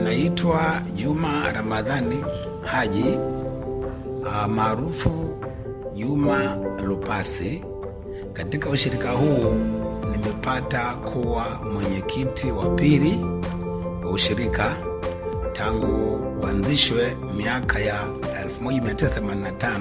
Naitwa Juma Ramadhani Haji ah, maarufu Juma Lupasi. Katika ushirika huu nimepata kuwa mwenyekiti wa pili wa ushirika tangu uanzishwe miaka ya 1985.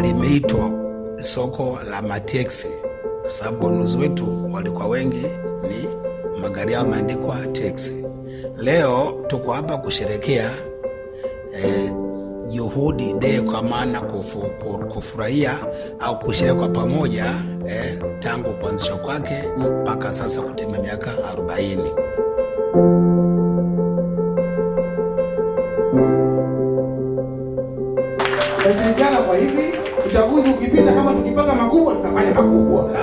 limeitwa soko la mateksi sababu wanunuzi wetu walikuwa wengi ni magari yao ameandikwa teksi. Leo tuko hapa kusherekea Eh, yuhudi juhudi de kwa maana kufu, kufurahia au kushere kwa pamoja eh, tangu kuanzishwa kwake mpaka sasa kutimia miaka 40. Tutashirikiana kwa hivi, uchaguzi ukipita, kama tukipata makubwa, tutafanya makubwa.